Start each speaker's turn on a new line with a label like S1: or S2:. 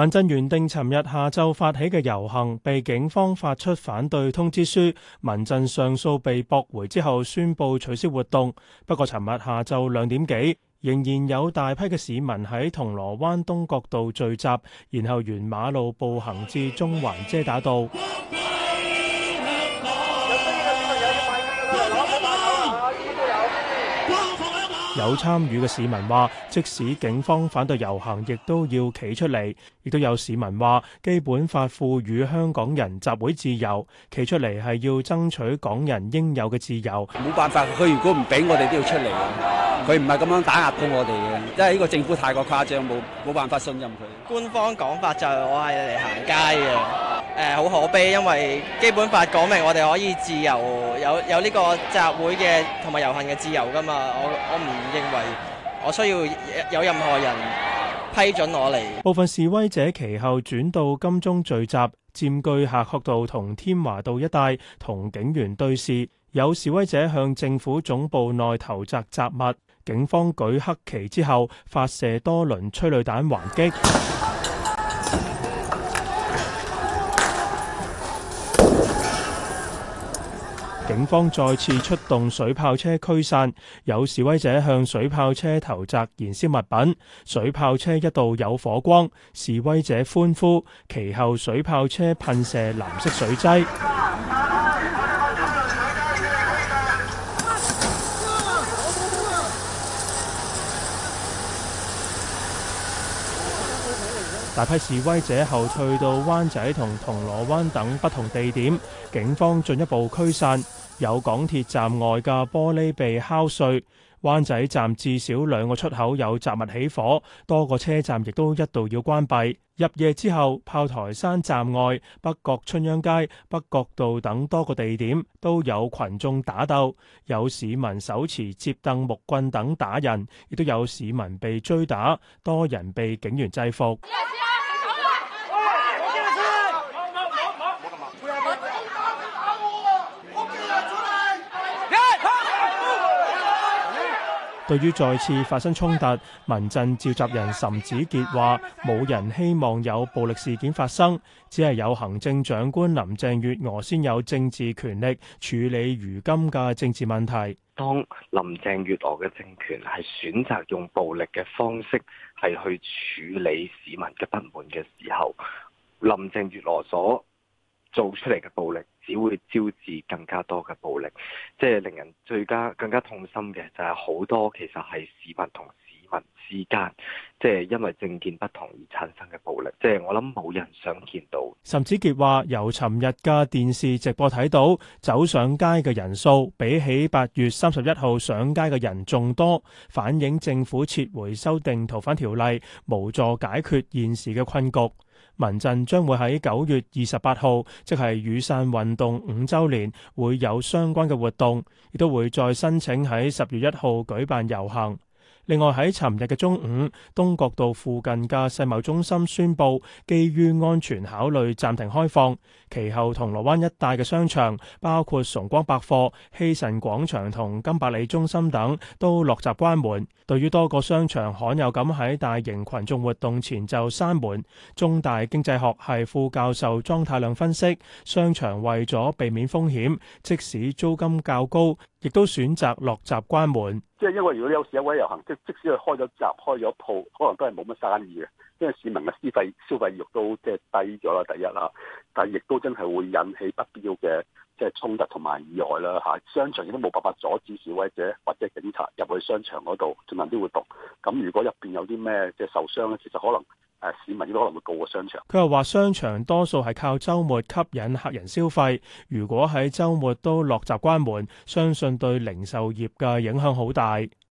S1: 民陣原定尋日下晝發起嘅遊行，被警方發出反對通知書。民陣上訴被駁回之後，宣布取消活動。不過，尋日下晝兩點幾，仍然有大批嘅市民喺銅鑼灣東角道聚集，然後沿馬路步行至中環遮打道。有參與嘅市民話，即使警方反對遊行，亦都要企出嚟。亦都有市民話，基本法賦予香港人集會自由，企出嚟係要爭取港人應有嘅自由。冇辦法，佢如果唔俾我哋都要出嚟，佢唔係咁樣打壓到我哋嘅，因為呢個政府太過誇張，冇冇辦法信任佢。官方講法就係我係嚟行街嘅。誒好、呃、可悲，因為基本法講明我哋可以自由有有呢個集會嘅同埋遊行嘅自由㗎嘛，我我唔認為我需要有任何人批准我嚟。部分示威者其後轉到金鐘聚集，佔據夏愨道同天華道一帶，同警員對峙，有示威者向政府總部內投擲雜物，警方舉黑旗之後發射多輪催淚彈還擊。警方再次出動水炮車驅散，有示威者向水炮車投擲燃燒物品，水炮車一度有火光，示威者歡呼。其後水炮車噴射藍色水劑，大批示威者後退到灣仔同銅鑼灣等不同地點，警方進一步驅散。有港鐵站外嘅玻璃被敲碎，灣仔站至少兩個出口有雜物起火，多個車站亦都一度要關閉。入夜之後，炮台山站外、北角春秧街、北角道等多個地點都有群眾打鬥，有市民手持折凳、木棍等打人，亦都有市民被追打，多人被警員制服。對於再次發生衝突，民陣召集人岑子傑話：冇人希望有暴力事件發生，只係有行政長官林鄭月娥先有政治權力處理如今嘅政治問題。當林鄭月娥嘅政權係選擇用暴力嘅方式係去處理市民嘅不滿嘅時候，林鄭月娥所做出嚟嘅暴力。只會招致更加多嘅暴力，即係令人最加更加痛心嘅就係好多其實係市民同市民之間，即係因為政見不同而產生嘅暴力，即係我諗冇人想見到。岑子杰話：由尋日嘅電視直播睇到，走上街嘅人數比起八月三十一號上街嘅人仲多，反映政府撤回修訂逃犯條例，無助解決現時嘅困局。民陣將會喺九月二十八號，即係雨傘運動五週年，會有相關嘅活動，亦都會再申請喺十月一號舉辦遊行。另外喺尋日嘅中午，東角道附近嘅世貿中心宣布，基於安全考慮暫停開放。其後，銅鑼灣一帶嘅商場，包括崇光百貨、希慎廣場同金百里中心等，都落閘關門。對於多個商場罕有咁喺大型群眾活動前就閂門，中大經濟學系副教授莊太亮分析，商場為咗避免風險，即使租金較高，亦都選擇落閘關門，即係因為如果有示威遊行，即即使佢開咗閘開咗鋪，可能都係冇乜生意嘅，因為市民嘅消費消費慾都即係低咗啦。第一啦，但係亦都真係會引起不必要嘅即係衝突同埋意外啦。嚇、啊，商場亦都冇辦法阻止示威者或者警察入去商場嗰度進行啲活動。咁如果入邊有啲咩即係受傷咧，其實可能。市民應可能會告個商場。佢又話：商場多數係靠週末吸引客人消費，如果喺週末都落閘關門，相信對零售業嘅影響好大。